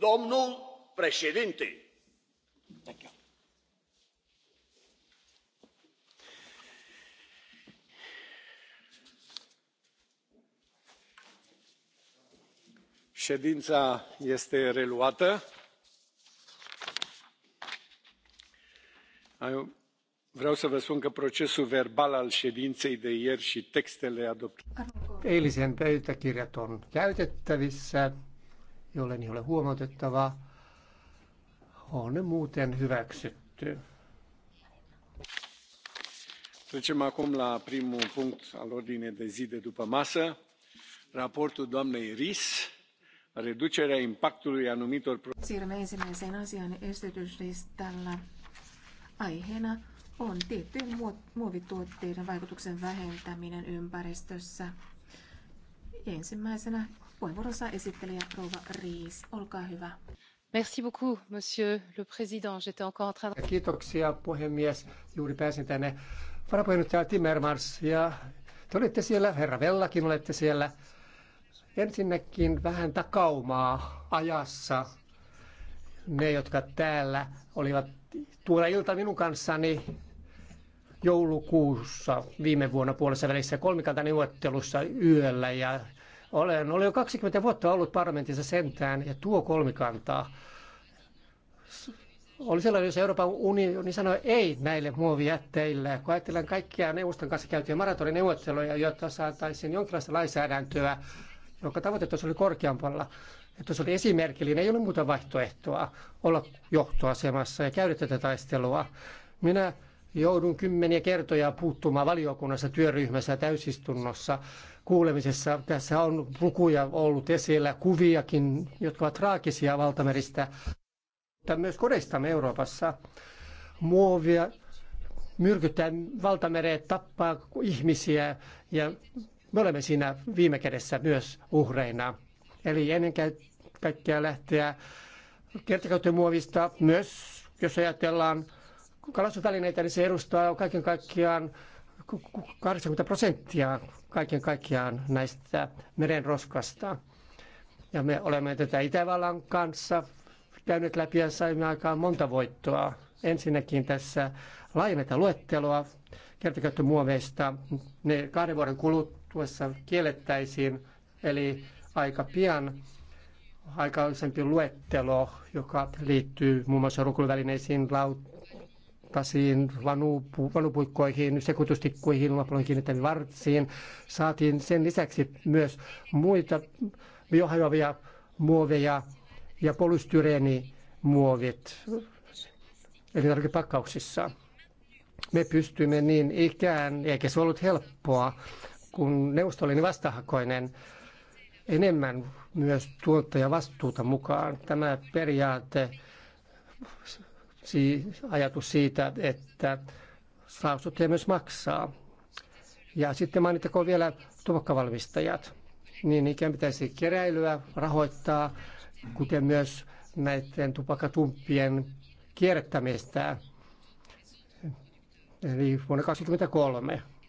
domnul președinte ședința este reluată. vreau să vă spun că procesul verbal al ședinței de ieri și textele adoptate. on jolle ei ole huomautettavaa, on ne muuten hyväksytty. Trecem acum la primul punct al ordinei de zi de după masă, raportul doamnei Ris, reducerea impactului anumitor... Siirrymme ensimmäiseen asian esityslistalla. Aiheena on tiettyjen muovituotteiden vaikutuksen vähentäminen ympäristössä. Ensimmäisenä Puheenvuorossa esittelijä Rouva Riis, olkaa hyvä. Merci beaucoup, monsieur le président. J'étais encore en train... Kiitoksia, puhemies. Juuri pääsin tänne. Varapuheenjohtaja Timmermans ja te olette siellä, herra Vellakin olette siellä. Ensinnäkin vähän takaumaa ajassa. Ne, jotka täällä olivat tuolla ilta minun kanssani joulukuussa viime vuonna puolessa välissä kolmikantaneuvottelussa yöllä ja olen, olen jo 20 vuotta ollut parlamentissa sentään ja tuo kolmikantaa oli sellainen, jos Euroopan unioni sanoi ei näille muovijätteille, kun ajatellaan kaikkia neuvoston kanssa käytyjä maratoneuvotteluja, jotta saataisiin jonkinlaista lainsäädäntöä, jonka tuossa oli korkeampalla. Että se oli esimerkillinen, ei ole muuta vaihtoehtoa olla johtoasemassa ja käydä tätä taistelua. Minä joudun kymmeniä kertoja puuttumaan valiokunnassa, työryhmässä ja täysistunnossa kuulemisessa. Tässä on lukuja ollut esillä, kuviakin, jotka ovat traagisia valtameristä, mutta myös kodeistamme Euroopassa. Muovia myrkyttää valtameret, tappaa ihmisiä ja me olemme siinä viime kädessä myös uhreina. Eli ennen kaikkea lähteä kertakäyttömuovista myös, jos ajatellaan kalastusvälineitä, niin se edustaa kaiken kaikkiaan 80 prosenttia kaiken kaikkiaan näistä merenroskasta. Ja me olemme tätä Itävallan kanssa käyneet läpi ja saimme aikaan monta voittoa. Ensinnäkin tässä laajenneta luetteloa kertakäyttömuoveista. Ne kahden vuoden kuluttuessa kiellettäisiin, eli aika pian aikaisempi luettelo, joka liittyy muun muassa rukuvälineisiin, kasiin, vanupu, vanupuikkoihin, sekutustikkuihin, luopalon kiinnittäviin vartsiin. Saatiin sen lisäksi myös muita biohajoavia muoveja ja polystyreenimuovit elintarvikepakkauksissa. Me pystymme niin ikään, eikä se ollut helppoa, kun neuvosto oli niin vastahakoinen, enemmän myös vastuuta mukaan. Tämä periaate ajatus siitä, että saastuttaja myös maksaa. Ja sitten mainittakoon vielä tupakkavalmistajat. Niin ikään pitäisi keräilyä rahoittaa, kuten myös näiden tupakatumppien kierrättämistä. Eli vuonna 2023.